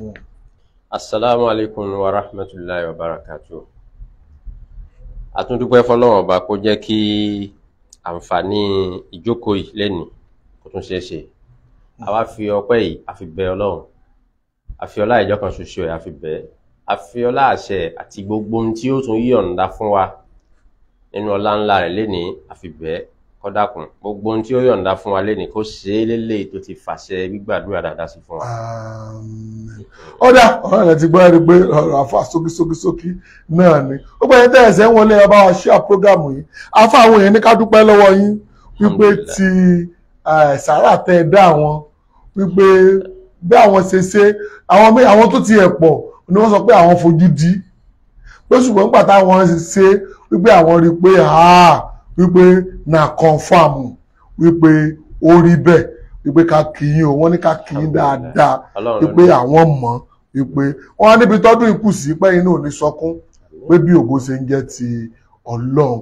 fún un. asalaamu alaykum wa rahmatulahi wa barakatu. àtúndúpẹ́ fọlọ́wọ́n ọba kó jẹ́ kí àǹfààní ìjókòó yìí lẹ́nu kó tún ṣeé ṣe àwa fi ọpẹ́ yìí àfi bẹ ọlọ́run àfi ọlá ìjọ kan ṣoṣo ẹ̀ àfi bẹ́ẹ̀ àfi ọlá àṣẹ àti gbogbo ohun tí ó tún yọ̀ǹda fún wa nínú ọlá ńlá rẹ̀ lẹ́ni àfi bẹ́ẹ̀ kọ́dàkùn gbogbo ohun tí ó yọ̀ǹda fún wa lẹ́nìí kó ṣe é lélẹ̀ tó ti fàṣẹ gbígbàdúrà dáadáa sí fún wa. ọ̀dà ọ̀rọ̀ rẹ̀ ti gbọ́ ẹni pé ọ̀rọ̀ àfa sókísókísókí náà ni ó gbọ́dọ̀ tẹ̀ ẹ̀sẹ̀ ń wọlé ọba wa ṣíà prógámù yìí afa àwọn èèyàn ní ká dúpẹ́ lọ́wọ́ yín wípé ti sàárà tẹ ẹ dá àwọn wípé bí àwọn ṣe ṣe àwọn tó ti ẹ̀ ni wọ́n sọ pé àwọn fojú di pé ṣùgbọ́n pàtàkì àwọn ṣe wípé àwọn rí i pé wípé na confam wípé ó rí bẹ́ẹ̀ wípé ká kìyìn o wọ́n ní ká kìyìn dáadáa wípé àwọn mọ̀ wípé wọ́n á níbi tọ́dún ikú sí pẹ́yìn náà ní sọkún pé bí ògo ṣe ń jẹ́ ti ọlọ́run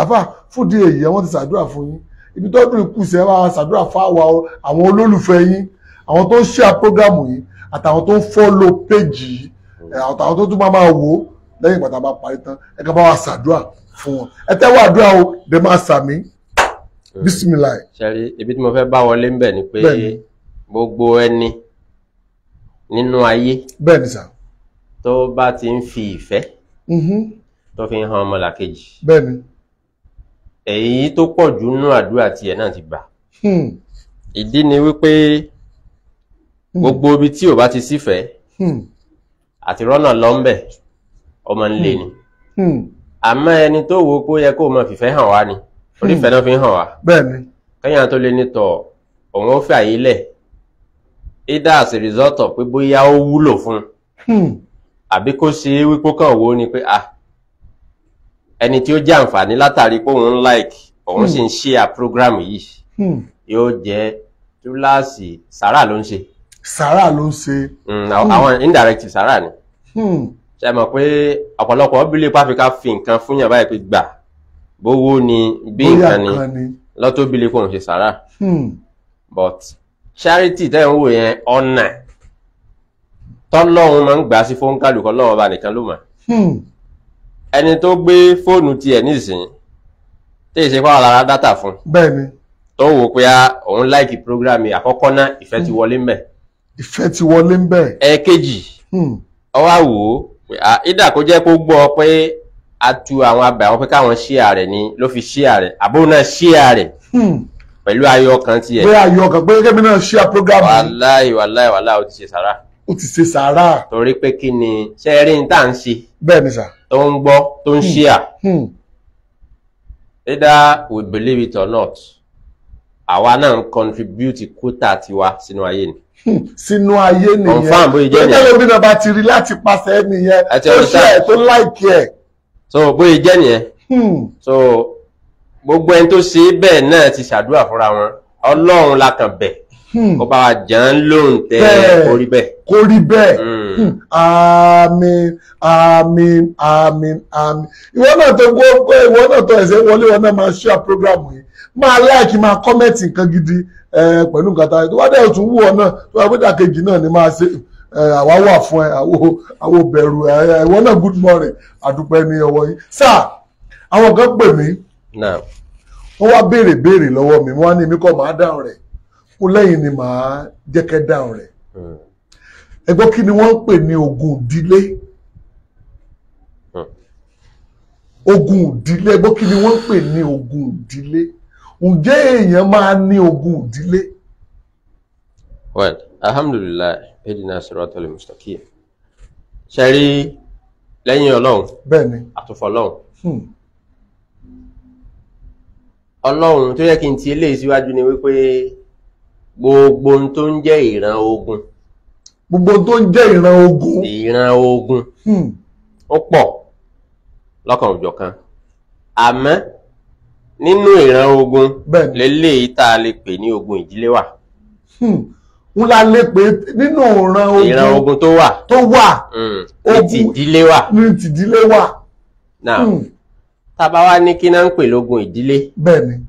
àfà fúdí èyí wọ́n ti ṣàdúrà fún yín ibi tọ́dún ikú sí ẹ wá ṣàdúrà fáwa àwọn olólùfẹ́ yín àwọn tó ń share program yìí àtàwọn tó ń follow page yìí mm. àtàwọn tó tún máa máa wò ó lẹ́yìn ìgbà tá a bá parí tán ẹ ká bá wa ṣàdúrà fún wọn ẹ tẹ́wọ́ àdúrà o dẹ máa sàmí hmm. bísímìlà. sẹ́rí ibi tí mo fẹ́ bá wọlé ń bẹ̀ ni pé gbogbo ẹni nínú ayé bẹ́ẹ̀ni sà tó bá ti ń fi ìfẹ́ mm-hmm. tó fi ń han ọmọlàkejì bẹ́ẹ̀ni èyí tó pọ̀ jù nínú àdúrà tiẹ̀ náà ti gbà hmm. ìdí ni wípé hmm. gbogbo ibi tí ò bá ti sífẹ̀ẹ́ àti rọ́nà lọ́ńbẹ̀ ọmọ ń lé ni. àmọ́ ẹni tó wo kó yẹ kó mọ fìfẹ́ hàn wá ni onífẹ́ náà fi hàn wá. bẹ́ẹ̀ni. kẹ́yìn tó lé ní tọ̀ òun ó fẹ́ àyè lẹ̀ either as a result of pé bóyá ó wúlò fún un hmm. àbí kó ṣe é wípé kàn wó ni pé ah ẹni tí ó jẹ́ àǹfààní látàrí pé òun like òun sì ń hmm. share program yìí hmm. yóò jẹ túláàsì sàrà ló ń ṣe. sàrà ló ń ṣe. àwọn indirect sàrà ni. Hmm ṣe mọ̀ pé ọ̀pọ̀lọpọ̀ bílé pàfi ká fi nǹkan fún yàn báyìí pé gbà bówó ni bí nǹkan ni lọ́tọ́ bílé kò ń ṣe sàrà hmm. but charity tẹ́ ń wò yẹn ọ̀nà tọ́lọ́run máa ń gbà sí fóun kálukọ́ lọ́wọ́ ọba nìkan ló mọ̀ hmm. ẹni tó gbé fóònù tiẹ̀ nísìnyí tí ìṣe fáwọn lára dátà fún bẹ́ẹ̀ni tó wò pé òun láìkì prógrámì àkọ́kọ́ náà ìfẹ́ ti hmm. wọlé ń bẹ̀ ìfẹ́ ti wọlé ń bẹ̀ ẹ̀ẹ̀kejì ọwọ́ àwò ìdá kó jẹ́ kó gbọ́ pé a tu àwọn abẹ àwọn pé káwọn ṣíà rẹ̀ ni ló fi ṣíà rẹ̀ àbúrò náà ṣíà rẹ̀ hmm. pẹ̀lú ayọ̀ kan tiẹ̀. pé ayọ̀ kan pé kébí náà ṣíà program. wàláì wàláì wàláì o ti ṣe sàrà. o ti ṣe sàrà. torí pé kí ni ṣe eré ní tá à ń ṣe. bẹ́ẹ̀ ni sà. tó ń gbọ́ tó ń ṣíà. Hmm. either hmm. we believe it or not àwa náà ń contribute quota tiwa sínú ayé ni. Hmm, sínú ayé nìyẹn confam bóyá jẹ́ nìyẹn lórí náà bá ti rí láti pàṣẹ nìyẹn tó ṣe ẹ̀ tó láìkí ẹ̀. so bóyá jẹ́ nìyẹn hmm. so gbogbo ẹni tó ṣe bẹ́ẹ̀ náà ti ṣàdúrà fúnra wọn ọlọ́run la kàn bẹ̀ hmm. kó bá wa jàn lóhùn tẹ́ kó rí bẹ́ẹ̀. kó rí bẹ́ẹ̀ àmín àmín àmín àmín ìwọ náà tó gbọ́ ìwọ náà tó ẹ̀sẹ̀ wọlé wọn náà máa ṣíà program yìí máa láìkí máa kọ́mẹ̀tì nǹkan gidi pẹ̀lú nǹkan tààrí tó wá dẹ̀ tún wù ọ náà tó wá gbọ́dọ̀ kejì náà ni máa ṣe àwa wà fún ẹ àwo bẹ̀rù ẹ̀wọ́ náà good morning àdúpẹ́ ní ọwọ́ yìí sáà àwọn kan pè mí wọ́n wá béèrè béèrè lọ́wọ́ mi wọ́n á ní èmi kọ́ máa dáhùn rẹ̀ kó lẹ́yìn ni màá jẹ́kẹ́ dáhùn rẹ̀ hmm. ẹgbọ́n kí ni wọ́n pè ní ogun ìdílé ogun ìdílé ẹgbọ́n kí ni wọ́n ń pè ní ogun ìdílé. Hmm ǹjẹ́ èèyàn máa ní ogún ìdílé. well alhamdulilayi edina sirata al-mustaqim ṣe rí lẹ́yìn ọlọ́run bẹ́ẹ̀ni àtúfọ̀ ọlọ́run hmm. ọlọ́run tó yẹ kí n ti eléyìí síwájú ni wípé gbogbo ohun tó ń jẹ́ ìran ogun gbogbo tó ń jẹ́ ìran ogun ìran ogun hmm. ó pọ̀ lọ́kàn òjọ̀kan àmọ́ nínú ìran ogun lélẹ́yìí tá a lè pè ní ogun ìdílé wa. ń hmm. la lè pè nínú ìran ogun ìran ogun tó wà tó wà hmm. ní tìdílé wa ní tìdílé wa. now hmm. tá Taba wa wá ní kí náà ń pè lógun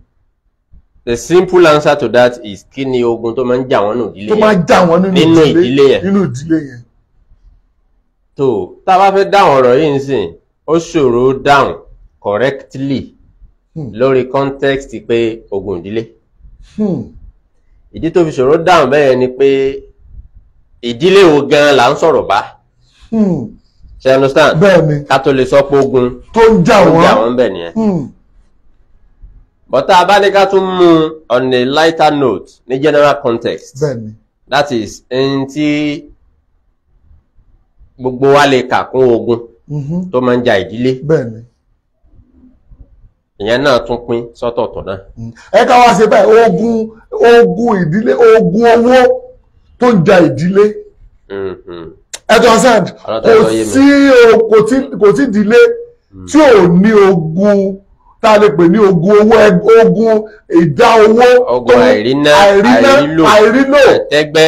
the simple answer to that is kí ni ogun tó máa ń jà wọ́n nínú ìdílé yẹn tó máa ń jà wọ́n nínú ìdílé yẹn nínú ìdílé yẹn. tó tá a bá fẹ́ dáhùn ọ̀rọ̀ yìí nísìnyí ó ṣòro dáhùn correctly Hmm. lórí context pé ogun ìdílé hmm. ìdí tó fi ṣòro dáhùn bẹ́ẹ̀ ni pé ìdílé wo gan là ń sọ̀rọ̀ bá hmm. ṣe understand bẹ́ẹ̀ni ká tó lè sọ pé ogun tó ń jà wọ́n tó ń jà wọ́n bẹ́ẹ̀ nìyẹn bọ́tá abáníká tún mú on a lighter note ní general context bẹ́ẹ̀ni that is n tí gbogbo wa lè kà kún ogun tó máa ń ja ìdílé bẹ́ẹ̀ni ìyẹn náà tún pín sọ́tọ̀ọ̀tọ̀ náà. Mm. ẹ ká wá ṣe báyìí ogun ogun ìdílé ogun owó tó ń ja ìdílé. Mm-hmm. ẹ tó sand kò sí kò sí ìdílé mm. tí ò ní ogun tá a lè pè ní ogun owó ogun ìdá owó tó àìríná àìrílò ẹ̀tẹ́gbẹ́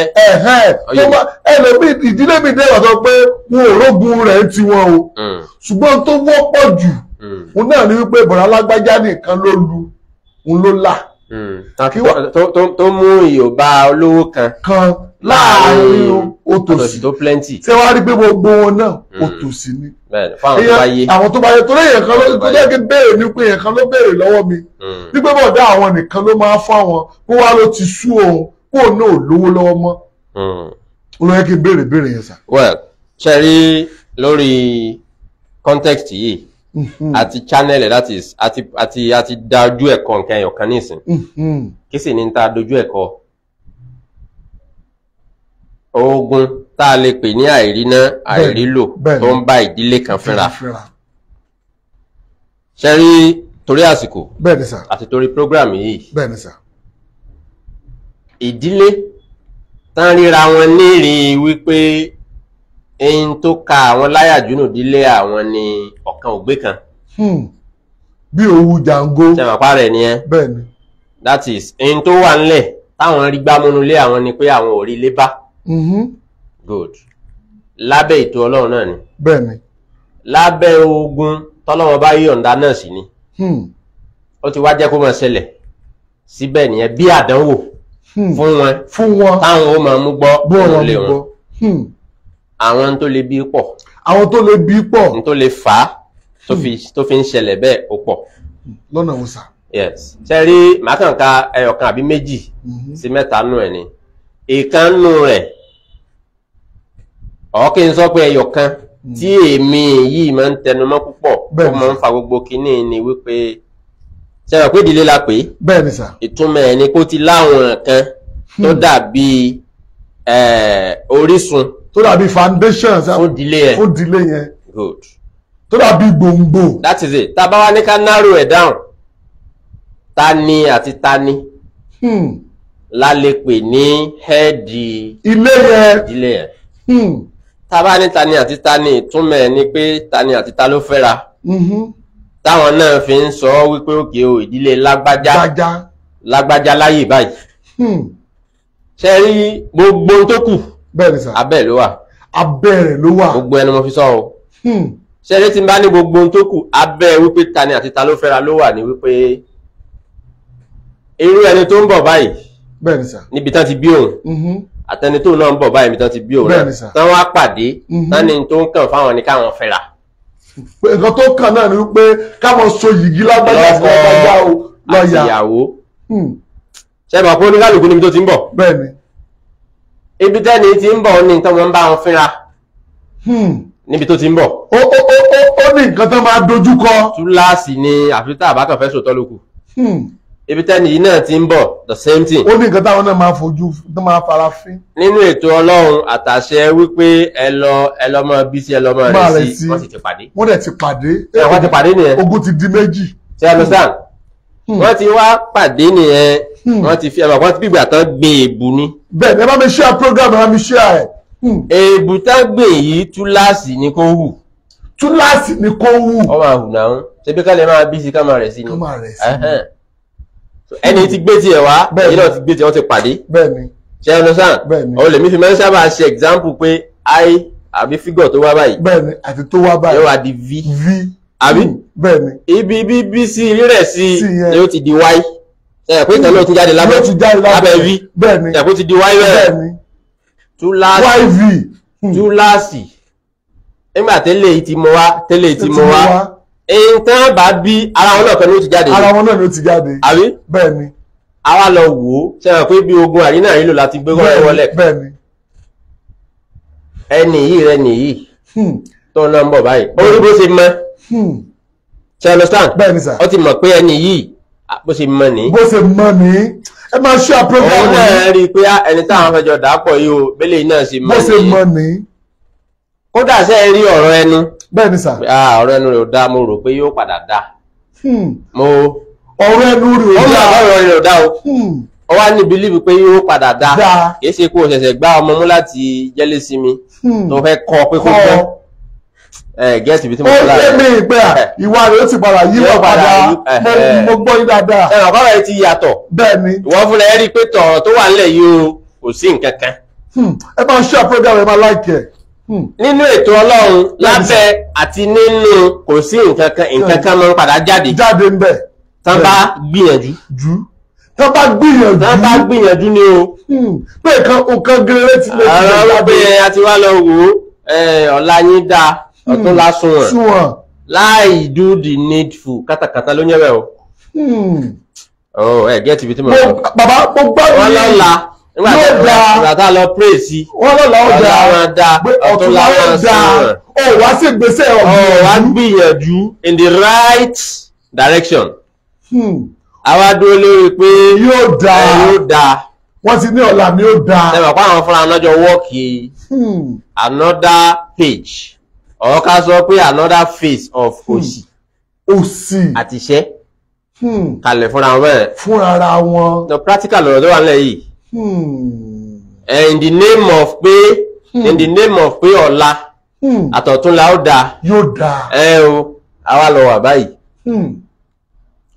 ẹlòmíì ìdílé mi dé ọ̀dọ̀ pé wọn ò rógun rẹ̀ tiwọn o mm. ṣùgbọ́n tó wọ́pọ̀ jù. Mm Hmm. òun náà ni wípé bọ̀dá lágbájá nìkan ló lu òun ló là. Hmm. tó mú ìyọ̀bá olówó kan. kan láàrin hmm. òtòsí tó plenty. ṣé wàá rí pé gbogbo wọn náà òtòsí ni. àwọn tó bá yẹ torí èèyàn kan ló jẹ́ kí béèrè ni èèyàn kan ló béèrè lọ́wọ́ mi. wípé bọ̀dá àwọn nìkan ló máa fún àwọn kó wá ló ti sú òun kó náà lówó lọ́wọ́ mọ́ olóyè kí n béèrè béèrè yẹn sà. well ṣe rí lórí context yìí Mm-hmm. àti channel that is àti àti àti dájú ẹ̀kọ́ nǹkan ẹ̀yọ̀ kan nísìn mm-hmm. kí sì ni ta dojú ẹ̀kọ́ ogun tá a lè pè ní àìríná àìrílò tó ń bá ìdílé kan fínra ṣe rí torí àsìkò àti torí program yìí ìdílé tán ríra wọn ní ìrìn wípé ẹyin tó ka àwọn láyàjúnù dílé àwọn ni ọ̀kan ògbé kan. Hmm. bí owó jango. sẹ́wọ̀npá rẹ̀ ni ẹ́. bẹ́ẹ̀ni. that is ẹyin tó wà ńlẹ̀ táwọn rí gbámúnú lé àwọn ni pé àwọn ò rí lé bá. Mm-hmm. good lábẹ́ ètò ọlọ́run náà ni. bẹ́ẹ̀ni. lábẹ́ ogun tọ́lọ́wọ́ bá yọ̀ǹda náà sí ni. Hmm. ó ti wá jẹ́ kó máa ṣẹlẹ̀ síbẹ̀ nìyẹn bí àdánwò hmm. fún wọn fún wọn táwọn ó máa mú gbọ́ bó wọn lè wọn àwọn tó le bí pọ̀. àwọn tó lè bí pọ̀. n tó lè fà á tó fi hmm. tó fi ń ṣẹlẹ̀ bẹ́ẹ̀ ó pọ̀. lọ́nà wo sà. yes ṣe rí màá kàn ka ẹyọkan àbí méjì hmm. sí mẹ́ta nù ẹ̀ ni ìkan nù rẹ̀ ọ̀ọ́kì ń sọ pé ẹyọkan hmm. tí èmi yìí máa ń tẹnumọ́ púpọ̀ ó máa ń fa gbogbo kinní ni wípé ṣe rò pé ìdílé la pè é. bẹ́ẹ̀ ni sà. ìtumọ̀ ẹ̀ ni kó ti láwọn kan tó dàbí orísun tó dàbí foundation fún ìdílé yẹn fún ìdílé yẹn tó dàbí gbòǹgbò. that is it tá a bá wá ní ká narrow it down ta ni àti ta ni hmm. la lè pè ní hẹ́ẹ̀dì ilé yẹn ìdílé hmm. bá ní ta ni àti ta ni ìtúmọ̀ ẹ̀ ni pé ta ni àti ta ló fẹ́ra mm-hmm. táwọn náà fi ń sọ wípé òkè o ìdílé lágbájá lágbájá láyè báyìí hmm. ṣe rí gbogbo tó kù bẹ́ẹ̀ni sà abẹ́ ló wà abẹ́ rẹ̀ ló wà gbogbo ẹni mo fi sọ o hmm. ṣẹlẹ tí n bá ní gbogbo ohun tó kù abẹ́ wípé ta ni àti ta ló fẹ́ra ló wà ní wípé irú ẹni tó ń bọ̀ báyìí bẹ́ẹ̀ni sà níbi tán ti bí òun mm-hmm. àtẹni tó náà ń bọ̀ báyìí níbi tán ti bí òun náà tán wá pàdé mm-hmm. tán tó ń kàn fáwọn ni káwọn fẹ́ra nǹkan tó kàn náà ni wípé káwọn so yìgì lágbájá sí lágbájá o lọ́ọ̀yà àti ìyàwó hmm. ṣẹ́gun àpò oníkálukú níbi tó ti ń bọ̀ bẹ́ẹ̀ni ibi tẹ́ni ti ń bọ̀ ní nǹkan wọn bá wọn fínra hmm. níbi tó ti ń bọ̀. ó ó ó ó ní nǹkan tó máa dojú kọ. túláàsì ni àfitá àbákan fẹ́ sòtọ́ lóko. Hmm. ibi tẹ́ni yìí náà ti ń bọ̀ the same thing. ó ní nǹkan táwọn náà máa fojú tó máa fara fín. nínú ètò ọlọ́run àtàṣe wípé ẹ lọ ẹ lọ mọ bí sí ẹ lọ mọ rẹ sí wọ́n sì ti pàdé. wọ́n dẹ̀ ti pàdé. ẹ ti pàdé nìyẹn. ogun ti di méjì. ṣé ẹ lọ sáà hmm. wọ́n ti wá pàdé nìyẹn Hmm. wọ́n ti fi ẹ̀ wọ́n ti fi ìgbà tán gbin èbù ni. bẹ́ẹ̀ ni ẹ bá mi share program ẹ bá mi share ẹ̀. Hmm. èbù tán gbìn yìí túláàsì ni kò hù. túláàsì ni kò hù. wọ́n máa hù náà ṣe bí kálẹ̀ máa bí sí ká máa rẹ̀ sí ni. ká máa rẹ̀ sí ni. ẹni tí gbé tiẹ̀ wá èyí náà ti gbé tiẹ̀ wọ́n ti pàdé. bẹ́ẹ̀ni. ṣé ẹ lọ sàn. bẹ́ẹ̀ni. olè mi fi máa ń sábà ṣe example pé i àbí figure tó wá báyìí. bẹ́ẹ̀ni àti tó wá báyìí. yóò wá di v. v àbí. Hmm. bẹ́ẹ̀ni. ibi bíbí sí rírẹ̀ sí yóò ti di y ẹ pé ìtàn náà ti jáde lábẹ́ lábẹ́ v ẹ kó ti di yv túláàsì hmm. túláàsì nígbà tẹ́lẹ̀ yìí ti mọ wá tẹ́lẹ̀ yìí ti mọ wá èyí tán bá bí ara wọn náà kan ló ti jáde ara wọn náà ló ti jáde àbí bẹ́ẹ̀ ni àwa lọ wò ó ṣe hàn pé bí ogun àrí náà rí lò láti gbé kọ́rẹ́ wọlé bẹ́ẹ̀ ni ẹnì yìí rẹ nìyí hmm. tó ń lọ ń bọ̀ báyìí ó rí bó ṣe mọ hmm. ṣe understand bẹ́ẹ̀ sà ó ti mọ̀ pé ẹnì yìí Ah, bó ṣe mọ ní. bó ṣe mọ ní ẹ máa ṣe àpéjọpọ̀ ní. náà rí i pé ah, ẹni táwọn fẹjọ dàpọ̀ yìí o bẹ́lẹ̀ náà ṣe mọ ní. bó ṣe mọ ní. kódà ṣe rí ọ̀rọ̀ ẹnu. bẹ́ẹ̀ ni sà. Ah, ọ̀rọ̀ ẹnu rẹ̀ ò dáa mo rò pé yóò padà dáa. Hmm. mo. ọ̀rọ̀ ẹnu rẹ̀ ò dáa. ọ̀rọ̀ ẹnu rẹ̀ ò dáa o. Hmm. ó wá ní bílíìfù pé yóò padà dáa. kì í ṣe kó o ṣẹ̀ṣẹ̀ gbá ọmọ mú láti jẹ́lé sí mi. Hmm. tó fẹ́ kọ́ pé kó gbọ́ gẹ́ẹ̀tì bí tí mo fẹ́ lára. ó lé mi ìpè à ah, ìwà rẹ̀ ó ti padà yíwọ̀ padà eh, eh. mo gbọ́ yín dáadáa. ẹ̀rọ kọ́ra ẹ ti yàtọ̀. bẹ́ẹ̀ ni. wọ́n fúnra ẹ rí i pé tọ̀rọ̀ tó wà nílẹ̀ yìí o kò sí nǹkan kan. Hmm, ẹ máa ṣe àpéjọpọ̀ ẹ máa láìkẹ́. Hmm. nínú ètò ọlọ́run lábẹ́ àti nínú kò sí nǹkan kan nǹkan kan ló ń padà jáde. jáde ń bẹ̀. tán bá gbìyànjú. jù tán bá gbìyànjú. tán bá gbìyànjú ni o. Hmm, pé nǹkan gẹrẹ ti lè fi ọ̀la bẹ́ẹ̀ àti wá lọ wò ó ọ̀la yín dáa ọ̀tún lásùnwọ̀n sunwọ̀n láì do the needful kátàkátà ló yẹ bẹ́ẹ̀ o. Hmm. Oh, ẹ gẹ́tì bí tí mo rà. bàbá mo gbádùn yìí wọ́n lọ́la yóò da ràtà lọ pray sí ọlọ́lá ó da ọ̀tún la ó da ó wá sí gbèsè ọ̀gbìn ó wá gbìyànjú in the right direction àwa hmm. dúró lórí pé yóò da yóò da wọ́n ti ní ọ̀la mi ó da ẹ mọ̀ àwọn fúnra náà jọ wọ́ọ̀kì hmm. another page or ká sọ pé another face of òṣì òṣì àtiṣẹ́ kalẹ̀ fúnra wọn bẹ́ẹ̀. fúnra ara wọn. the practical ọ̀rọ̀ tó wà nílẹ̀ Hmm. in the name of pé in hmm. the name of pé ọ̀la hmm. àtọ̀túnla ó dáa. yóò dáa. ẹ o àwa lọ wà báyìí. Hmm.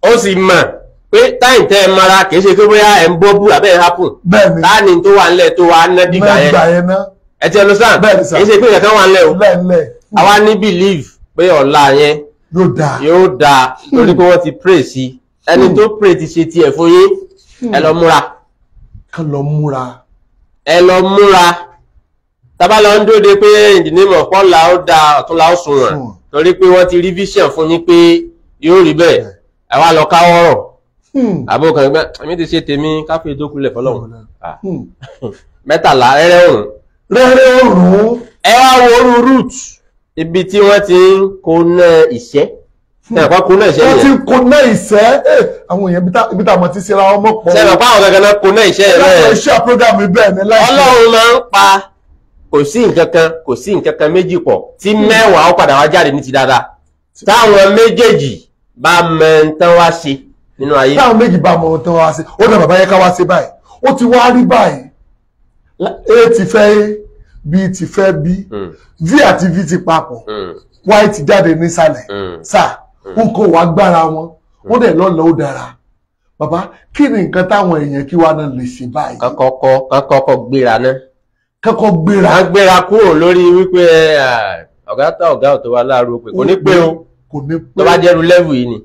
ó sì mọ̀ pé táyì tẹ́ ẹ mara kì í ṣe pé bóyá ẹ ń bọ́ búra bẹ́ẹ̀ hápùn. bẹ́ẹ̀ni táàní tó wà nílẹ̀ tó wà á ná dìgbà yẹn. ẹ ti ẹ lọ sáà kì í ṣe pé ìyàtọ̀ wà nílẹ̀ o. bẹ́ẹ̀ àwa ní believe pé ọ̀la yẹn yóò dáa torí pé wọ́n ti pray sí ẹni hmm. tó pray ti ṣe tiẹ̀ fún yín hmm. ẹ lọ múra. ká lọ múra. ẹ lọ múra tábà lọ ń dóde pé in the name of ọ̀la ó dáa ọ̀túnla ó sunwọ̀n hmm. torí pé wọ́n ti rí vision fún yín pé yóò rí bẹ́ẹ̀ ẹ wá lọ káwọ́rọ̀ àbò kan gbẹ èmi ti ṣe tèmi káfíń ìdókùnlẹ̀ fọlọ́run ah. mẹ́tàlá rẹ́rẹ́ òrùn. rẹ́rẹ́ òrùn. ẹ wá wo orú route ibi tí wọ́n ti ń koná ìṣẹ́ ẹ̀kọ́ koná ìṣẹ́ yẹn. wọ́n ti ń koná ìṣẹ́ eh, àwọn èèyàn ibi tá a mọ̀ ti ṣe ra ọmọ pọ̀. ṣe é lọ́pọ̀ àwọn kankan náà koná ìṣẹ́ yẹn náà. ìṣe àpérógàmù bẹ́ẹ̀ ni láìpẹ́. ọlọ́run máa ń pa kò sí nǹkan kan kò sí nǹkan kan méjì pọ̀ tí hmm. mẹ́wàá ó padà wá jáde ní ti dáadáa táwọn méjèèjì bá mọ tán wá ṣe nínú ayé. táwọn méjì bá mọ tán wá ṣe ó dà bàbá yẹn ká wá ṣe báyìí ó ti wá rí báyìí bí ti fẹ́ bí hmm. v àti v ti papọ̀ hmm. white jáde nísàlẹ̀ sa n kò wá gbára wọn hmm. wọ́n dẹ̀ lọ́lọ́ ó dára bàbá kí ni nǹkan táwọn èèyàn kí wàá náà lè ṣe báyìí. kọ́kọ́ kọ́kọ́ gbéra náà. kọ́kọ́ gbéra. wọ́n gbéra kúrò lórí wípé ọ̀gá tá ọ̀gá ọ̀tọ̀ wa láàárọ̀ pé kò ní pé o kò ní pé o tó bá jẹ́rú lẹ́wù yìí ni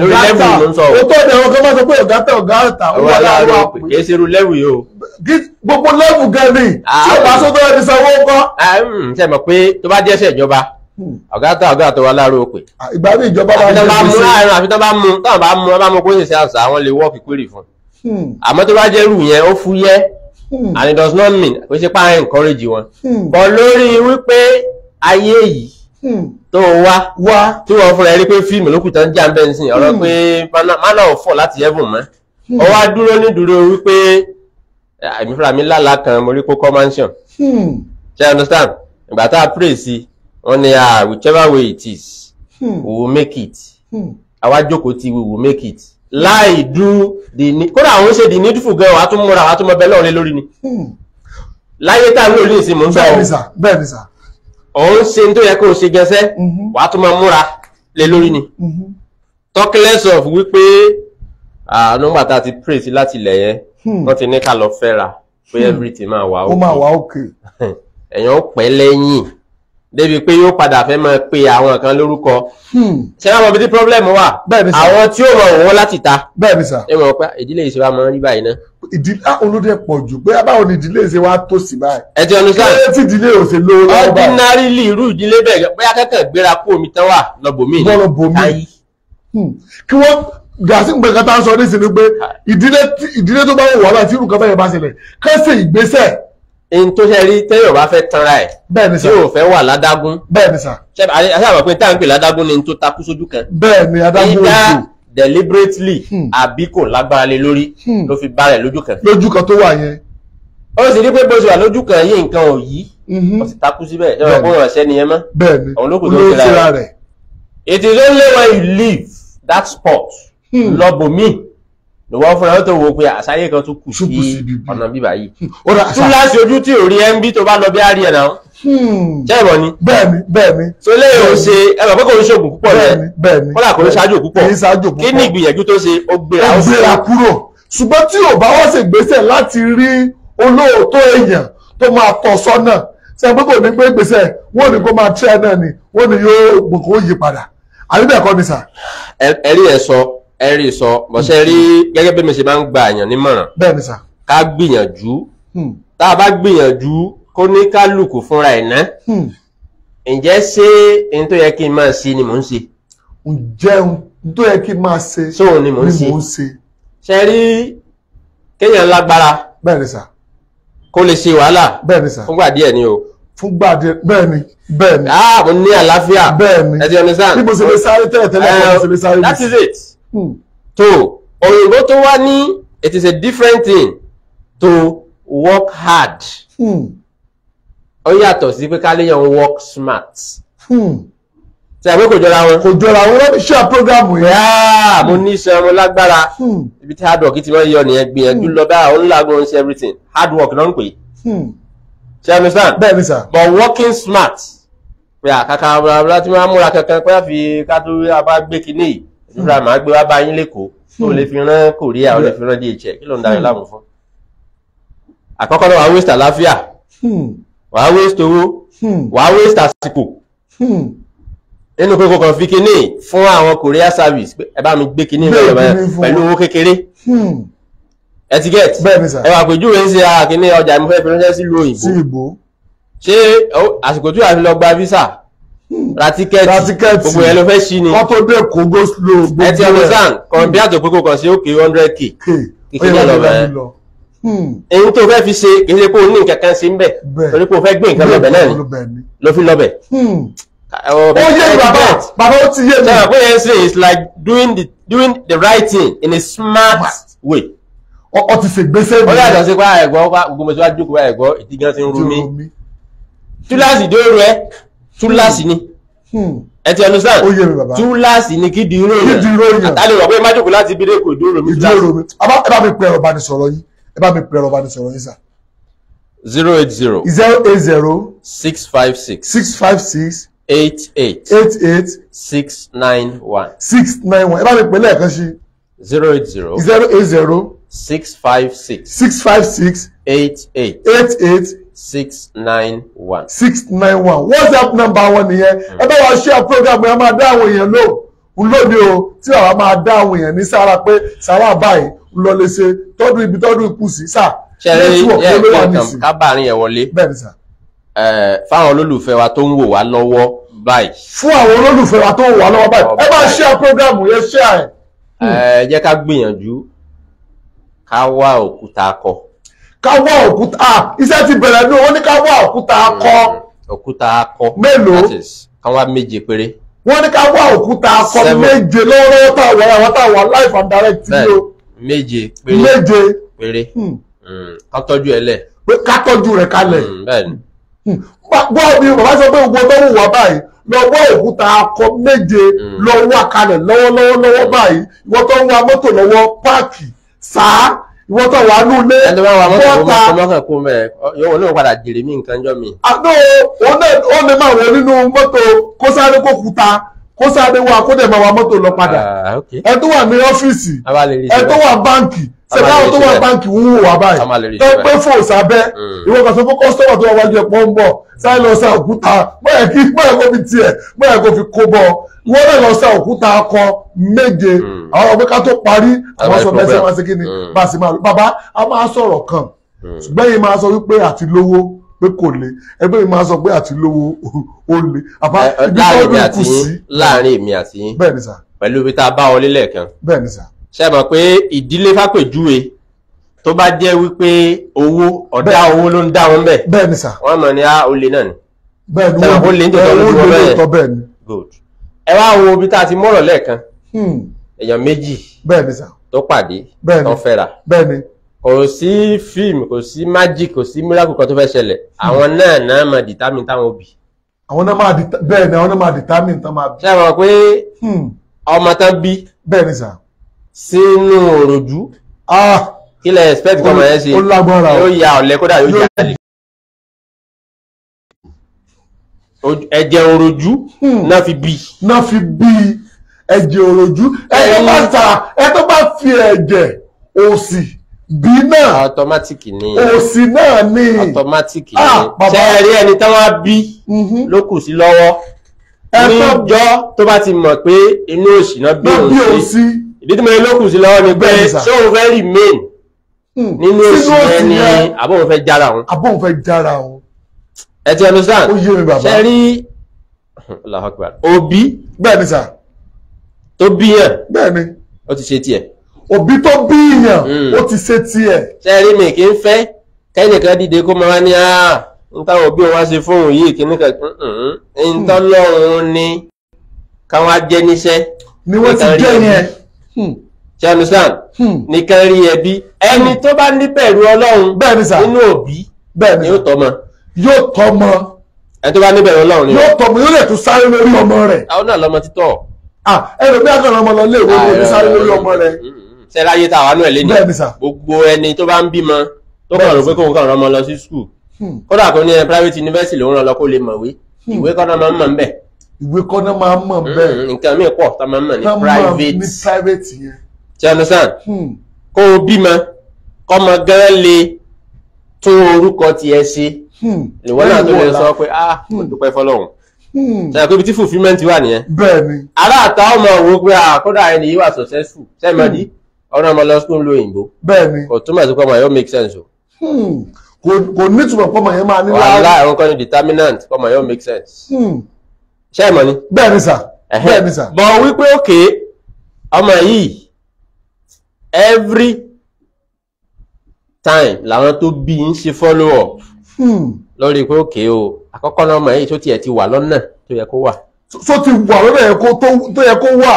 lórí lẹ́wù ló ń sọ o. o tó dẹ̀ wọn kọ́ máa sọ pé ọ̀gá tá ọ̀gá ọ̀tà ó wà láàárọ̀ pé kì í ṣerú lẹ́wù yìí o gbogbo lẹ́bù gan ni ah, tí o bá hmm. sọ́tọ́ ẹni sanwó kọ́. Ah, hmm, ṣe mọ̀ pé tó bá jẹ́ ṣe ìjọba hmm. ọ̀gá tó ọ̀gá tó wà láàárọ̀ òpè. Ah, ìgbà mi ìjọba bá ń jẹ́ pèsè. àfi tó bá mú tó bá mú tó bá mú kó ṣèṣe àṣà àwọn lè wọ́ọ̀kì query fún. àmọ́ tó bá jẹ́ rù yẹn ó fúyẹ́ and it does not mean pé ṣe pa à encourage wọn. bọ̀ lórí wípé ayé yìí tó wá wá tí wọ́n fúnra rí pé fíìmù lókùtà ń jà ń bẹ́ẹ̀ nísìnyí ọ̀rọ̀ pé manna ò fọ̀ láti heaven mọ́. ó wá dúró nídúró wípé èmi fúnra mi lálàá kan mo rí kó kọ́ mansion hmm. ṣe understand ìgbà tá a pray sí wọn ni ah whichever way it is hmm. we will make it hmm. àwa jókòó tí we will make it láì dú di ní kódà àwọn ṣe di nídùfù gan wàá tún múra wàá tún mọ bẹ́ẹ̀ lọ́ọ̀lẹ́ lórí ni hmm. láyé tá a ń lò ní ìsìn mò ń gbà ọ́ bẹ́ẹ̀ ni sà òun ṣe tó yẹ kó o ṣe gẹsẹ́ mm-hmm. wàá tún máa múra lé lórí ni mm-hmm. talk less of wípé àánú ah, gbàtà ti praise láti ilẹ̀ yẹn Hmm. wọ́n ti ní ká lọ fẹ́ra pé hmm. everything máa wà ó máa wà òkè èèyàn ó pẹ́ lẹ́yìn débi pé yóò padà fẹ́ máa pe àwọn kan lórúkọ hmm. ṣé wọ́n mọ bí tí problem wà àwọn tí ó rọ òun láti ta bẹ́ẹ̀ ni sà ẹ mọ̀ pé ìdílé yìí ṣe wá máa ń rí báyìí náà. ìdílé olóde pọ̀ jù pé báwo ni ìdílé ṣe wá tó sí báyìí. ẹ ti ọdún sáà kí ìdílé ò ṣe lówó lọ́wọ́ báyìí. ordinarily irú ìdílé bẹ́ẹ̀ bóyá kẹ́kẹ́ gbéra kó omi tán wà lọ́bòmí. lọ́bòmí kí wọ́n gàásì pé kátà sọ ní sinmi pé ìdílé tó bá wò wàhálà tí nǹkan bẹ́ẹ̀ bá ṣẹlẹ̀ kẹ́sì ìgbésẹ̀. n tó ṣe rí tẹ́yọ̀ bá fẹ́ tanra ẹ̀ bẹ́ẹ̀ni sà yóò fẹ́ wà ládágún bẹ́ẹ̀ni sà ṣe àṣàbà pé táwọn pè ládágún ni n tó takú sójú kan bẹ́ẹ̀ni adágún ojú ìdá deliberately hmm. àbí kò lágbára lé lórí hmm. ló fi bá rẹ̀ lójú kan. lójú kan tó wà yẹn. ó sì rí pé bó ṣe wà lójú kan yìí nǹkan ò yí mhm. ó sì takú síbẹ̀ ẹ̀rọ it is only when you leave that spot lọ́bọ̀mí hmm. lọ́wọ́ fúnra ó tó wo pé àsáyé kan tún kù sí ọ̀nà bíbá yìí hmm. tún láti ojú tí ò rí ẹ́ ń bí tó bá lọ bí á rí ẹ̀ náà jẹ́ hmm. ìbọn ni bẹ́ẹ̀ni bẹ́ẹ̀ni tó lè ò ṣe ẹ̀rọ pé kò ń ṣoògùn púpọ̀ rẹ̀ bẹ́ẹ̀ni kọ́là kò ń ṣáájò púpọ̀ kí ni ìgbìyànjú tó ṣe ó gbéra ó gbéra kúrò ṣùgbọ́n tí ò bá wọ́n ṣe gbèsè láti rí olóòótọ́ èèyàn tó máa tọ́ sọ́nà ṣe pé kò ní gbé gbèsè wọ́n ní kó máa tẹ́ náà ni wọ́n ní yóò gbòkó yí padà àbí bẹ́ẹ̀ kọ́ ni sà. ẹ̀rí ẹ̀ sọ ẹ rí sọ bọ́sẹ̀ rí gẹ́gẹ́ bí mi ṣe máa ń gba àyàn nímọ̀ràn ni sà ká gbìyànjú hmm. tá a bá gbìyànjú kó ní kálukú fúnra ẹ̀ ná hmm. ǹjẹ́ ṣé ohun tó yẹ kí n máa ṣe ni mò ń ṣe. ǹjẹ́ ohun tó yẹ kí n máa ṣe ni mò ń ṣe ṣe rí kéèyàn lágbára bẹ́ẹ̀ ni sà kó lè ṣe wàhálà bẹ́ẹ̀ fúngbà díẹ̀ ni o fúngbà díẹ̀ bẹ́ẹ̀ ni bẹ́ẹ̀ ni. ah mo ní àlàáfíà bẹ́ẹ̀ ni ẹ ti understand bí mo ṣe lè sáré tẹ́lẹ̀ tẹ́lẹ̀ eh, mo ṣe lè sáré mi. that is it to hmm. òyìnbó tó wá ní it is a different thing to work hard hmm. ó yàtọ̀ sí pé káléyàn work smart. Hmm tí a pé kò jọra wọn. kò jọra wọn wọ́n ti ṣe programu yẹn. mo ní iṣẹ́ ọmọ lágbára hmm. ibi tí hard work ti máa ń yọ nìyẹn gbìyànjú lọ bá àwọn ńlágbọ́n ń ṣe everything hard work ló ń pè é. understand. bẹ́ẹ̀ ni but working smart pé àkàkà abúlé tí wọ́n á múra kankan pé àfi ká tó abá gbé kinní yìí nígbà máa gbé wá bá yín lẹ́kọ̀ọ́ tó hmm. lè fi rán Korea ó lè fi rán DHL kí ló ń darí hmm. láàmú fún. àkọ́kọ́ náà wàá waste àláfíà hmm. wàá waste owó wàá waste àsìkò nínú pé kò kàn fi kinní fún àwọn Korea service ẹ bá mi gbé kinní pẹ̀lú owó kékeré etiquette ẹ wà pèjúwe ń ṣe àkíní ah, ọjà ìmúfẹ́ fi ránṣẹ́ sílùú òyìnbó ṣé àsìkò tí wàá fi lọ gba visa ratikẹ́ẹ̀tì gbogbo ẹ̀ ló fẹ́ ṣí ni kọ́tò dé kó gbogbo ẹ̀ ẹ ti understand kan bí àjọ pé kò kàn sí òkè hundred k kékeré lọ bẹ́ẹ̀ hmm. èyí tó fẹ́ fi ṣe kì ṣe pé o ní nǹkan kan sí ń bẹ̀ torí pé o fẹ́ gbé nǹkan lọ́bẹ̀ náà ni ló fi lọ́bẹ̀. Hmm. ó yé bàbá bàbá ó ti yé mi. sábà pé ẹ ṣe like doing the doing the right thing in a smart way ọ ti ṣègbésẹ́ mi. ọlọ́dọ̀ ṣe pa ẹ̀gbọ́n gbogbo mọ̀tíwájú kó ẹ̀gbọ́n ìdígan ti ń rú mi. túláàsì túláàsì ni hmm. ẹ ti understand túláàsì ni kí di irú èèyàn àtàlẹ́ ìwà pé má jókòó láti bí lẹ́kọ̀ọ́ ìdúró mi túláàsì. ẹ bá mi pe ẹ̀rọ ìbánisọ̀rọ̀ yín ẹ bá mi pe ẹ̀rọ ìbánisọ̀rọ̀ yín sà. zero eight zero. zero eight zero. six five six. six five six. eight eight. eight eight. six nine one. six nine one ẹ bá mi pe lẹ́ẹ̀kan sí. zero eight zero. zero eight zero. six five six. six five six. eight eight. eight eight six nine one. six nine one whatsapp number wọn nìyẹn hmm. ẹ bá wa share program yẹn máa dá àwọn èèyàn lò ń lóde o tí àwa máa dá àwọn èèyàn ní sára pé sára báyìí ń lọ lè ṣe tọdún ibi tọdún ikú sí sáà ṣẹlẹ yẹ kọkàn kábàárín yẹn wọlé fáwọn olólùfẹ́ wa tó ń wò wá lọ́wọ́ báyìí. fún àwọn olólùfẹ́ wa tó ń wò wá lọ́wọ́ báyìí ẹ bá share program yẹn share ẹ. ẹ jẹ́ ká gbìyànjú ká wá òkúta kọ ká wá òkúta ah, iṣẹ́ ti bẹ̀rẹ̀ ní owó ní ká wá òkúta hmm, akọ. òkúta akọ mélòó ká wá méje péré. wọ́n ní ká wá òkúta akọ méje lọ́wọ́ táwọn àwọn táwọn life and direct ti o. méje péré méje péré hmm. Hmm, ká tọ́jú ẹ lẹ̀. pé ká tọ́jú rẹ̀ kalẹ̀. bọ́ọ̀ ni bàbá sọ pé gbogbo tó wù wá báyìí lọ́wọ́ òkúta akọ méje lọ́wọ́ kalẹ̀ lọ́wọ́lọ́wọ́ báyìí ìwọ́n tó ń wa mọ́tò lọ́wọ́ páàkì sáà wọ́n tọ̀ wá ní ilé ẹni tó máa wà mọ́tò mọ́kàn kó mẹ́ yóò lóun padà jèrè mí nǹkan jọ mi. àná ó lè máa wọ nínú mọ́tò kó sáré kó kúta kó sáré wá kó dẹ̀ máa wa mọ́tò lọ padà ah, ẹ tó wà ní ọ́fíìsì ẹ tó wà báǹkì ṣe káwọn tó wa banki ń wò wá báyìí tó pé fò sábẹ́ mm. ìwọ kan sọ fún kọ́sítọ́mà tó wà wájú ẹ̀pọ̀ ń bọ̀ sáyẹn lọ sa òkúta bẹ́ẹ̀ kí bẹ́ẹ̀ kó fi tiẹ̀ bẹ́ẹ̀ kó fi kó bọ̀ wọ́n lè lọ sa òkúta akọ méje mm. àwọn ọ̀gbẹ́ ká tó parí àwọn sọ bẹ́ẹ̀ sẹ́wọ́n sí kí ni bá a sì máa lò bàbá a máa sọ̀rọ̀ kan mm. ṣùgbọ́n yìí máa sọ wípé àti lówó pé kò le ẹgbẹ́ mi máa sọ pé àti lówó ó le àbá ibi tó ń kù sí. láàárín èmi àti yín pẹ̀lú ibi tá a bá wọlé lẹ́ẹ̀kan. bẹ́ẹ̀ ṣe mọ̀ pé ìdílé fàpèjúwe tó bá jẹ́ wípé owó ọ̀dá owó ló ń dá wọn bẹ̀ bẹ́ẹ̀ ni sà wọ́n mọ̀ ní á ah, olè náà ni bẹ́ẹ̀ ni wọ́n lè ń bẹ́ẹ̀ ni good ẹ wá wo ibi tá a ti mọ̀rọ̀ lẹ́ẹ̀kan hmm. èèyàn méjì bẹ́ẹ̀ ni sà tó pàdé tó fẹ́ra bẹ́ẹ̀ ni kò sí fíìmù kò sí májì kò sí miracle kan tó fẹ́ ṣẹlẹ̀ àwọn náà náà máa determine táwọn òbí àwọn náà máa bẹ́ẹ̀ ni àwọn náà máa determine tán máa bí ṣe pé hmm. ọmọ tán bí bẹ́ẹ̀ ni sà sínú òròjú ah, kí lẹ expect kọmọ yẹn ṣe yóò ya ọ̀lẹ kódà yóò ya àlè ẹ̀jẹ̀ òròjú hmm. náà fi bí náà fi bí ẹ̀jẹ̀ òròjú ẹ̀jẹ̀ bá ta ẹ tó bá fi ẹ̀jẹ̀ òsì bí náà automatic ni òsì náà ni automatic ni ah, ṣe é rí ẹni tí wọ́n bí mm-hmm. ló kù sí lọ́wọ́ níjọ́ tó bá ti mọ̀ pé inú òsì náà bí òsì ìdí tí mo lè lókùn sí lọ́wọ́ ni pé ṣóun fẹ́ remain hmm. nínú oṣù yẹn ni àbóhun fẹ́ jára òun. àbóhun fẹ́ jára òun. ẹ ti understand ṣe rí òbí bẹ́ẹ̀ni sà tó bí yẹn bẹ́ẹ̀ni ó ti ṣe tiẹ̀. òbí tó bí yẹn hmm. ó ti ṣe tiẹ̀. ṣe rí mi kì í fẹ́ kẹ́nìkan dìde kó máa ní àá ah, ntáwọn òbí wa ṣe fóun yìí kìíní kan ntọ́lọ́run ni káwọn á níṣẹ́. ni wọ́n ti jẹ́ yẹn. Hmm. ṣe understand hmm. nìkan rí ẹbí ẹni hmm. tó bá ní bẹ̀rù ọlọ́run nínú òbí ni yóò tọ́mọ. yóò tọ́mọ. ẹni tó bá ní bẹ̀rù ọlọ́run ni yóò tọ́mọ yóò lè tún sáré lórí ọmọ rẹ̀. àwọn náà lọmọ títọ́. ẹnu bí akọ̀nà ọmọ lọ léèwé ló ní sáré lórí ọmọ rẹ̀. sẹ́lá ayé tá a wà nù ẹ̀ lé ní gbogbo ẹni tó bá ń bímọ tó kàn rò pé kóun kàn rán ọmọ lọ sí skul kódà kó ní private university lòún rán lọ kó lè mọ̀wé ìwé kọ́nà máa ń mọ̀ ń bẹ̀ ìwé kọ́ náà máa ń mọ̀ mm, bẹ́ẹ̀. nǹkan mi pọ̀ tá a máa ń mọ̀ ní private. ní private yẹn. ṣé understand. Hmm. kó o bímọ kọ́mọ gan le tún orúkọ tiẹ̀ ṣe. Hmm. ìwọ náà tó lè sọ pé ah mo hmm. dúpẹ́ fọlọ́run sẹ́yìn pé ibi tí fulfilment wà nìyẹn. bẹ́ẹ̀ni. ará àta ọmọ òwò pé àkọ́dà ah, ẹni yìí wà successful sẹ́yìn mọ́ di ọ̀nà ọmọ lọ school lóyìnbó. bẹ́ẹ̀ni. kò túmọ̀ sí pé yóò make sense o. kò ní ìtumọ̀ pọ́mọ yẹn máa ní láàárín. wàhálà ẹ̀rọ kan ní determinant pọ́mọ yóò make sense. Hmm ṣé ẹ mọ̀ ni. bẹ́ẹ̀ ni sà bẹ́ẹ̀ ni sà. bọ̀ wípé òkè ọmọ yìí every time làwọn tó bí ń ṣe follow up hmm. lórí pé òkè o àkọ́kọ́ náà ọmọ yìí tó tiẹ̀ ti wà lọ́nà tó yẹ kó wà. tó ti wà lọ́nà tó yẹ kó wà.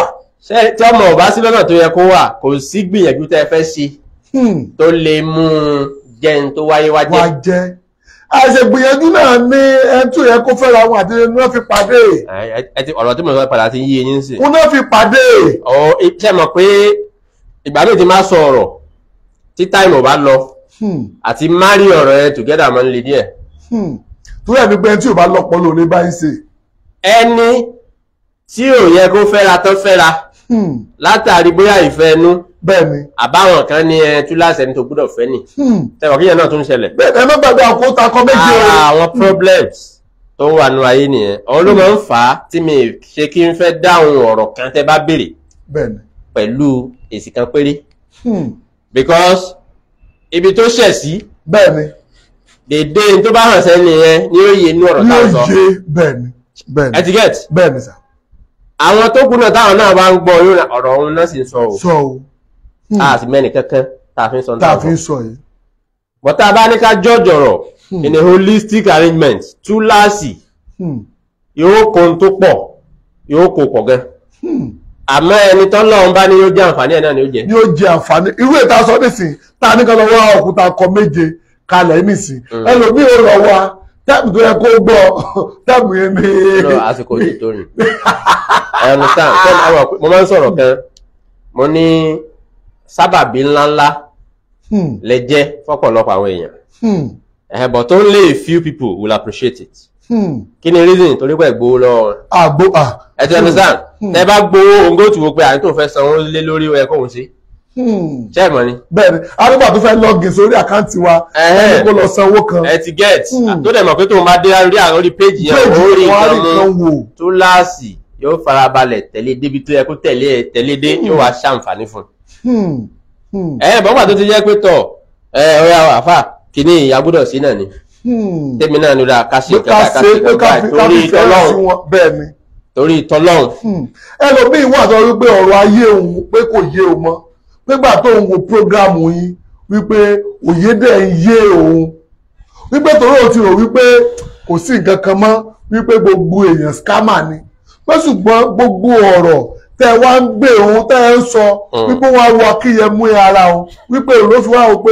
ṣé tí ọmọ ò bá sí lọ́nà tó yẹ kó wà kò sí gbìyànjú tẹ́ fẹ́ ṣe hmm. tó lè mú un jẹun tó wáyé wá jẹ àṣègbìyànjú náà ní ẹtú yẹ kó fẹ́ra wọn àti ní wọ́n fi pàdé. ọ̀rọ̀ tí mo sọ padà ti ń yí eyín sí. wọn náà fi pàdé. ọ ṣe mọ̀ pé ìgbà mi ti máa sọ ọ̀rọ̀ tí táìmù ò bá lọ hmm. àti mari ọ̀rọ̀ yẹn together máa ń le díẹ̀. Hmm. torí ẹni pé ẹni tí ò bá lọ́pọ̀ ló lè báyìí ṣe. ẹni tí ò yẹ kó fẹ́ra tán fẹ́ra. Hmm. látàrí bóyá ìfẹ́ inú àbáwọn kan ní ẹ túláṣẹ ní tó gbúdọ̀ fẹ́ ni hmm. tẹ̀wọ̀n kíyẹn náà tún ṣẹlẹ̀. ẹ má gbàgbé àkótá kan méje o. àwọn problems tó ń wà nù ayé nìyẹn òun ló máa ń fà á tí mi ṣe kí n fẹ́ dáhùn ọ̀rọ̀ kan tẹ́ bá béèrè pẹ̀lú èsì kan péré hmm. because ibi tó ṣẹ̀ sí dédé tó bá hàn sẹ́ni yẹn ni ó yẹ inú ọ̀rọ̀ tá a sọ. ló yẹ bẹ́ẹ̀ ni àwọn tó kú náà táwọn náà bá ń gbọ́ yóò ọ̀rọ̀ òun náà sì sọ o sọ o hmm. a sì mẹ́ni kankan tá sọ tá a sọ yìí. bọ́tà bá ní ká jọ̀jọ̀rọ̀ hmm. in a holistic arrangement túláàsì hmm. yóò kó ohun tó pọ̀ yóò kó pọ̀ gan àmọ́ ẹni tọ́lọ́run bá ní yóò jẹ́ àǹfààní ẹ̀ náà ni ó jẹ́. yóò jẹ́ àǹfààní irú ètò aṣọ nísìnyí tá a ní kan lọ òkúta kọ méje kalẹ̀ nísìnyí ẹlòmíì ó lọ táàmù tó yẹ kó gbọ́ táàmù yẹn mi. lọ àsìkò yìí tó rìn ẹ understand fẹ́ẹ́ àwọn àpò mo máa ń sọ̀rọ̀ kan mo ní sábàbí ńláńlá lè hmm. jẹ́ fọ́pọ̀lọpọ̀ àwọn èèyàn ẹ̀hẹ̀ hmm. eh, but only a few people will appreciate it. Hmm. kí ni reason torí pé gbowó lọ́wọ́ ah, ah. ẹ ti understand tẹ bá gbowó òun gòtù wo pé àyè tó fẹ́ sanwó lé lórí ẹ̀kọ́ òun sí ṣe é mọ̀ ni. bẹ́ẹ̀ni arúgbà tó fẹ́ lọgìn sórí àkáǹtì wa ẹni kó lọ san owó kan. ẹ ti get hmm. tó dẹ̀ mọ̀ pé tóun bá dé rí àwọn orí péjì yẹn orí nǹkan ní tó láàsì yóò farabalẹ̀ tẹ̀lé débi tó yẹ kó tẹ̀lé ẹ tẹ̀lé dé hmm. yóò wá ṣàǹfààní fún un. Hmm. ẹ bọ́gbà tó ti jẹ́ pé tọ̀ ẹ ọ̀rẹ́ àwọn àfà kìíní ìyá gbọ́dọ̀ sí náà ni tèmi náà nílò àkàṣe ìjọba àkàṣe ìjọba torí ìtọ́lọ́hún torí ìtọ́lọ́hún. ẹlòmíín wà sọ wípé ọ̀rọ̀ ayé òun pé kò yé òun mọ́ nígbà tó ń wo prógrámù yín wípé òye dẹ̀ ń yé òun wípé torí òun ti rò wípé kò sí nǹkan kan mọ́ wípé gbogbo èèyàn scammer ni pé ṣùgbọ́n gbogbo ọ̀rọ̀ tẹ wá ń gbé òun tẹ ń sọ mm. wípé wọn wọ kíyẹ mú ara òun wípé òun ló fi wá òun pé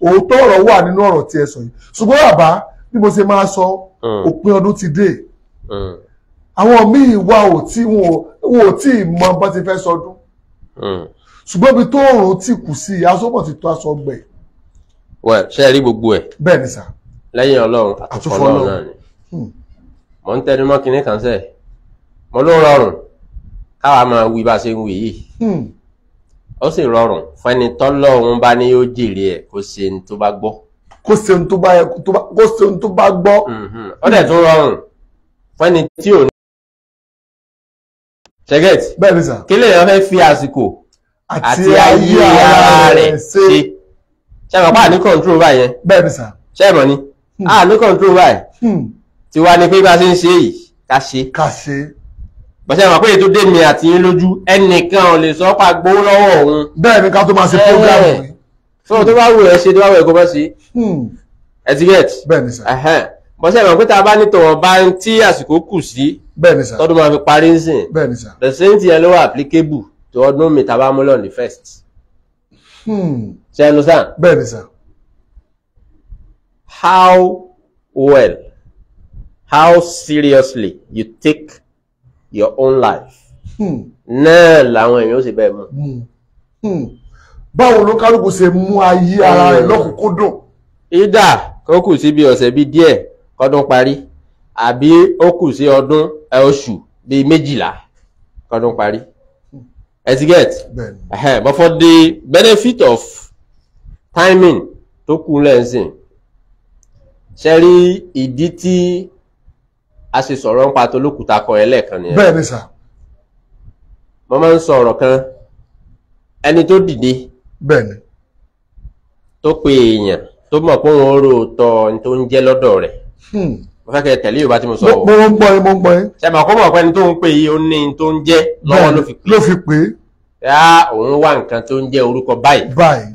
òótọ́ ọ̀rọ̀ wà nínú ọ̀rọ̀ tí ẹ sọ yìí ṣùgbọ́n bàbá bí mo ṣe máa sọ mm. òpin ọdún ti dé mm. àwọn míì wà ò tí wọn ò tí ì mọ bá ti fẹ́ sọdún ṣùgbọ́n ibi tó òòrùn ti kù sí asọ́pọ̀ ti tó aṣọ ọgbẹ́. well ṣe rí gbogbo ẹ. bẹ́ẹ̀ ni sà. lẹ́yìn ọlọ́run àtúfọ́ ọlọ́run náà ni mọ̀ hmm. ń tẹnu mọ́ kinní kan sẹ́ẹ̀ mo ló rọrùn káwa máa wí bá a ṣe ń wí yìí hmm. ó sì rọrùn fẹ́ni tọ́lọ́run bá ní yóò jèrè ẹ̀ kó ṣe ní tó bá gbọ́. kó ṣe ní tó bá kó ṣe ní tó bá gbọ́. Mm-hmm. ó dẹ̀ tún rọrùn fẹ́ni tí ò ní. ṣẹ́gẹ̀tì bẹ́ẹ̀ ni sà kí àti ayé ara rẹ̀ ṣe ṣe mọ̀ pa ní control báyẹn bẹ́ẹ̀ ni sà ṣe mọ̀ ni a ní control báyìí hmm. hmm. ti wá ní pé bá ṣe ń ṣe yìí ká ṣe ká ṣe bọ̀ṣẹ́ mọ̀ pé ètò dèmi àti yín lójú ẹnìkan ò lè sọ pa gbowó lọ́wọ́ òun bẹ́ẹ̀ ni ká tó máa ṣe program yìí so tó bá wù ẹ ṣe tó bá wù ẹ kó bá ṣe hmm. ẹ ti get bẹ́ẹ̀ ni sà bọ́sẹ̀ mọ̀ pé tá a bá ní tọ̀wọ̀n bá ń tí àsìkò kù sí bẹ́ẹ̀ ni sà tọ́dún máa fi parí ń sìn bẹ́ẹ̀ ni sà the same thing ló wà applicable tó ọdún mi tàbá mú lọ́ọ̀nì first. Hmm. ṣe ẹnu sàn. bẹ́ẹ̀ ni sàn. how well how seriously you take your own life. Hmm. náà làwọn èèyàn ó mo. bẹ́ẹ̀ mú. Hmm. báwo ló kálukú ṣe mú ayé ara rẹ̀ lọ́kùnkúndùn. ìdá ó kù sí bí ọ̀sẹ̀ bíi díẹ̀ kọ́dún parí àbí ó kù sí ọdún oṣù bíi méjìlá kọ́dún ẹ ti get but for the benefit of timing tó kù lẹ́sìn ṣe rí ìdí tí a ṣe sọ̀rọ̀ ń pa tó lókùúta kan ẹ lẹ́ẹ̀kan nìyẹn. bẹ́ẹ̀ ni sà. mo máa ń sọ ọ̀rọ̀ kan ẹni tó dìde. bẹ́ẹ̀ ni. tó pe èèyàn tó mọ̀ pé òun rò tọ́ ẹni tó ń jẹ́ lọ́dọ̀ rẹ̀. Hmm. mo fẹ́ kẹ́ tẹ̀lé yorùbá tí mo sọ o. mo ń gbọ́ yín mo ń gbọ́ yín. ṣe mọ̀ kó mọ̀ pé ẹni tó ń pè yí ó ní tó ń jẹ́ lọ́wọ́ ló fi pè yá òun wá nǹkan tó ń jẹ́ orúkọ báyìí. báyìí.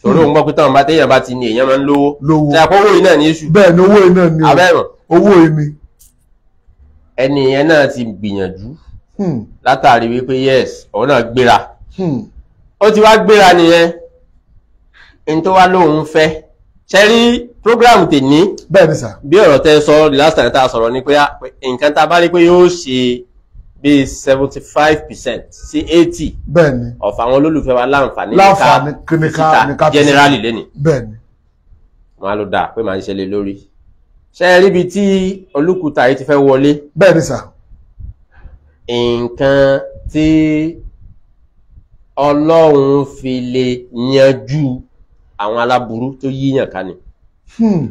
sọ̀rọ̀ òun hmm. gbọ́ pé táwọn bá téèyàn bá ti ní èèyàn máa ń lówó. lówó ṣe àpòwò yìí náà ní iṣu. bẹ́ẹ̀ ni owó yìí náà ni abẹ́rùn. owó yìí ni. ẹni yẹn náà ti gbìyànjú. Hmm. látàrí wípé yes òun náà gbéra. Hmm. ó ti wá gbéra nìyẹn. n tó wá lóun fẹ́. ṣe rí program tèmi. bẹ́ẹ̀ ni sà. bí ọ̀rọ̀ tẹ sọ last time tá a sọ̀rọ̀ ni pé nǹkan tá a bá rí pé yóò ṣe bíi seventy five percent sí eighty. bẹ́ẹ̀ni ọ̀fọ̀ àwọn olólùfẹ́ wa láǹfààní níka níka generally lẹ́ni. bẹ́ẹ̀ni. wọn á lọ dáa pé màá ń ṣẹlẹ̀ lórí. ṣé ẹ ríbi tí olùkùtà yìí ti fẹ́ wọlé. bẹ́ẹ̀ni sà. nǹkan tí ọlọ́run fi lè yanjú àwọn aláburú tó yíyàn ká ni. Hmm.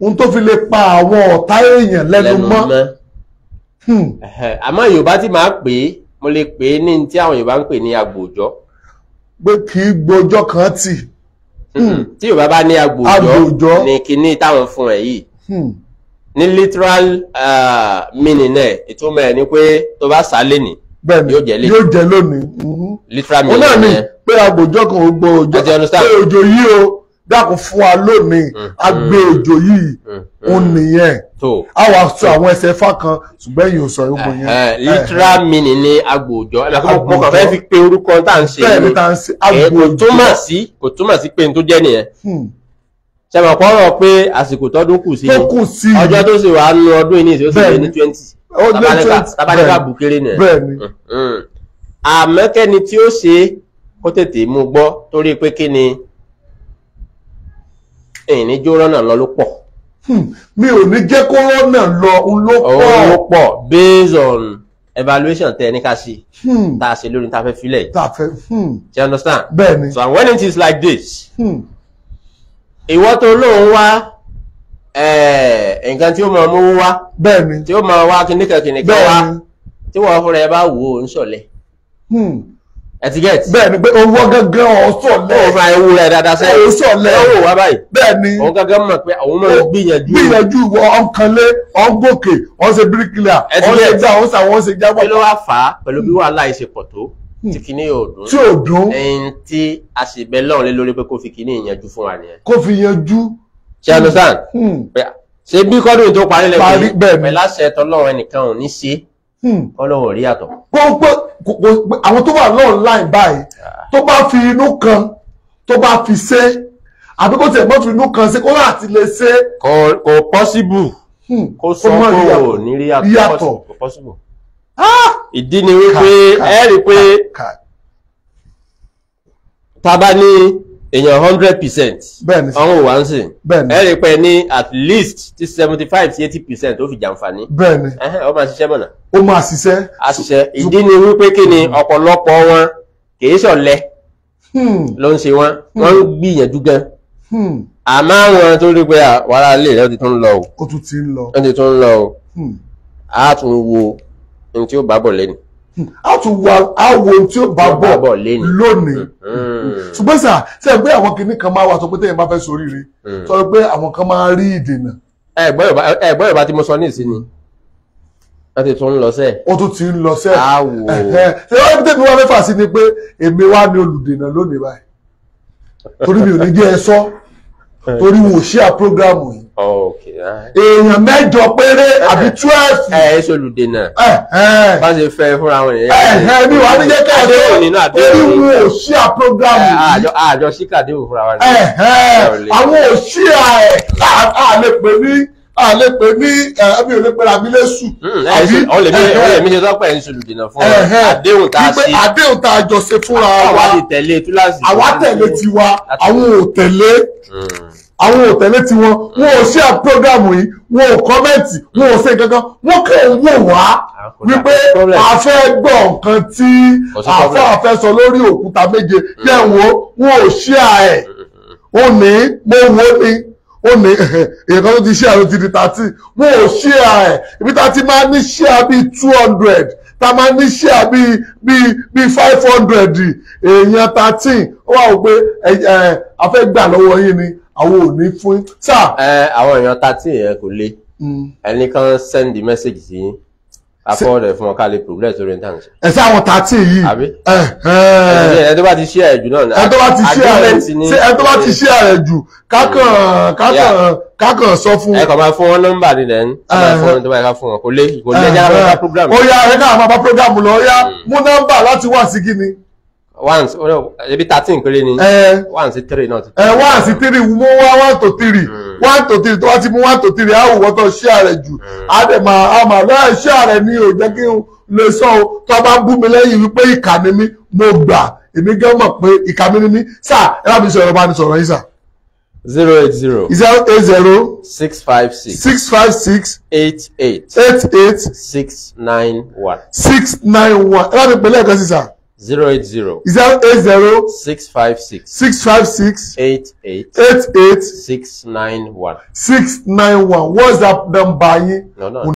ohun tó fi lè pa àwọn ọ̀tá èèyàn lẹ́nu mọ́. lẹ́nu mọ́ Hmm. àmọ́ yorùbá tí màá pè é mo lè pè é ní tí àwọn yorùbá ń pè ní agbòòjọ́. pé kì í gbòòjọ́ kan tì. Hmm. Hmm. tí yorùbá bá ní agbòòjọ́ ní kinní táwọn fún ẹ yìí ní literal ah, meaning ẹ ìtumọ̀ ẹ ni pé tó bá sá lẹ́nìí bẹ́ẹ̀ni yóò jẹ lónìí. literal meaning ẹ. ó náà ní pé agbòòjọ́ kan ò gbòòjọ́ pé òjò yìí o dákun fún wa lónìí mm, mm, agbé òjò mm, yìí òun nìyẹn a wàá sọ àwọn ẹsẹ̀ fá kan ṣùgbọ́n èyí ò sọ yóò gbọ́ eh, eh, literal eh, meaning ni agbò òjò ẹ̀ máa kọ́ kọ́ fẹ́ fi pe orúkọ tá à ń ṣe yìí kò túmọ̀ sí kò túmọ̀ sí pé n tó jẹ́ nìyẹn sẹ́wọ̀n hmm. kọ́ rọ̀ pé àsìkò tọ́dún kù sí ọjọ́ tó sì wà nínú ọdún yìí ní ìṣòwò sì ní twenty tabalẹ́ka bùkéré nìyẹn hmm, hmm. àmọ́kẹ́ni tí ó ṣe kó tètè mú gbọ́ torí pé kí ni ẹ̀yìn ní jó rọ́nà lọ ló pọ̀. Hmm, mi ò ní jẹ́ kó rọ́nà lọ ló pọ̀. òun ló pọ̀ based on evaluation tẹ ní ká sí hmm. tá a ṣe lórí tá a fẹ́ filẹ̀. tá a fẹ́ you hmm. understand. bẹ́ẹ̀ni so when it is like this ìwọ tó lóun wá eh, nǹkan tí ó máa mówó wá bẹ́ẹ̀ni tí ó máa wá kíníkan wá tí wọ́n fúnra ẹ bá wò ó ń ṣọ̀lẹ ẹtigẹti. bẹ́ẹ̀ni pé owó gangan ọsọ lẹ. o fana ewu rẹ dada sẹ. ọsọ lẹ o wa báyìí. bẹ́ẹ̀ni. òun gangan mọ̀ pé àwọn ọmọ yẹn gbìyànjú. gbìyànjú wọ ọkànlé ọgọkè ọsẹ bíríkìlà ọsẹ dá ọsẹ àwọn ọsẹ jábọ. kí ló wá fà á pẹ̀lú bí wàhálà yìí ṣe pọ̀ tó hmm. tí kìíní yóò dún. tí yóò dún. ẹyin tí a sì bẹ lọ́run lé lórí pé kó fi kìíní yanjú fún wa nìyẹn. kó fi yanjú. ṣé anusan hmm. ṣe bí kọ́dún àwọn tó wà online báyìí tó bá fi inú kan tó bá fi ṣe àbí kó tiẹ̀ mọ́ fi inú kan ṣe kó láti lè ṣe. kò pọ́síbù hmm. kó sọ pé o ní rí àtọ́ pọ́síbù. ìdí ni wípé ẹ rí i pé tá a bá ní èèyàn hundred percent àwọn òwà ń sìn ẹ rí pé ní at least ti seventy five sí eighty percent ó fi jàǹfààní bẹ́ẹ̀ni ó máa ṣiṣẹ́ mọ̀nà. ó máa ṣiṣẹ́. àṣìṣe ìdí ni wípé kí ni ọ̀pọ̀lọpọ̀ wọn kìí ṣọ̀lẹ hmm. ló ń ṣe wọn wọ́n ń hmm. gbìyànjú gan hmm. àmọ́ àwọn tó rí pé wàhálà ilé rẹ̀ ó ti tún ń lọ o ó ti tún ń lọ ó ti tún ń lọ o á tún wo ohun tí ó bá bọ̀ lẹ́nu a tún wo àwo tí ó bá bọ̀ lónìí mm-hmm. ṣùgbọ́n sà ṣe é pé àwọn kinní kan máa wà sọ pé téèyàn bá fẹ́ ṣoríire mm. sọ pé àwọn kan máa rí ìdènà. ẹ gbọ́ yorùbá tí mo sọ ní ìsinmi wọ́n ti tún ń lọ sẹ́ẹ̀. ó tún ti ń lọ sẹ́ẹ̀. àwò ṣé wọ́n ti tẹ́bi wá mẹ́fà sí ni pé èmi wá ní olùdènà lónìí báyìí torí mi ò ní jẹ́ ẹ sọ́ torí wò ṣí à programu. yìí ah. èèyàn mẹ́jọ péré àbí eh, twelve. Eh, ẹ ẹ ṣolùdè náà eh, bá ṣe fẹ́ fúnra wọn yẹn. ẹ ẹ mi wà á ní jẹ́ ká ṣe torí wò ṣí à prógrámù yìí. àjọ ṣíkàdé òfúra wa ni. àwọn òṣìṣẹ́ ẹ̀ ká ah, ah, lè pè ní a lè pè ní ẹbí olè pé rabi lẹ́sù. Hmm, àbí ọlẹ́mí ṣe tọ́pẹ́ ẹ̀ ń ṣe lùdìnà fún ọ àdéhùn tá a ṣe. wípé àdéhùn tá a jọ ṣe fúnra wa àwa lè tẹ̀lé túláàsì. àwa tẹ̀lé tiwa àwọn ò tẹ̀lé hmm. àwọn ò tẹ̀lé tiwọn wọn ò ṣe àpọ́gàmù yìí wọn ò kọ́mẹ́ǹtì wọn ò ṣe kankan wọn kàn ń wò wá ah, wípé a fẹ́ gbọ́ nǹkan tí àfọ́ àfẹ́sọ lórí òkúta méje jẹ́ hmm. wo wọn ò ṣe à ẹ̀ òní mo wo ni ó ní èèyàn kan tó ti ṣíà ló ti di thirty mo ò ṣíà ẹ̀ ibi tá a ti máa ní ṣíà bíi two hundred tá a máa ní ṣíà bíi bíi bíi five hundred èèyàn thirteen ó wà wò pé a fẹ́ gbà lọ́wọ́ yín ni àwọn ò ní fún sá. àwọn èèyàn thirteen yẹn kò le mm. ẹnì kan send the message sí yín akọọdẹ fún ọ ká lè progress lórí ntàn sí. ẹ sá àwọn tààtì yìí. àbí ẹ tó bá ti ṣíà rẹ jù náà. ẹ tó bá ti ṣíà rẹ jù ẹ tó bá ti ṣíà rẹ jù kákan kákan kákan sọ fún. ẹ kàn máa fún wọn nọ́mbà ni lẹ́nu ẹ máa fún wọn tó bá yẹ ká fún wọn kò lé kò lé ẹja lọ bá program. ó yá ẹ káà máa bá program lọ ó yá mm. mú nọ́mbà láti wá sí kí ni. once ebi thirteen péré ni one sí three náà ti. one sí three mú wá one to three one to three tó bá ti mú one to three á wò wọ́tọ̀ ṣíà rẹ̀ jù á dẹ̀ máa á máa lọ́yà ṣíà rẹ̀ ni ò jẹ́ kí n lè sọ o tó bá bú mi lẹ́yìn wípé ìkà ni mí mo gbà èmi gẹ́ mọ̀ pé ìkà mi ni mí sà ẹ bá mi sọ ẹ̀rọ bá sọ̀rọ̀ yín sà. zero eight zero. zero eight zero. six five six. six five six. eight eight. eight eight. six nine one. six nine one ẹ bá mi pè lẹ́ẹ̀kan sí sà zero eight zero. Is that eight zero. six five six. six five six. eight eight. eight eight. six nine one. six nine one What's whatsapp number yín. No, no.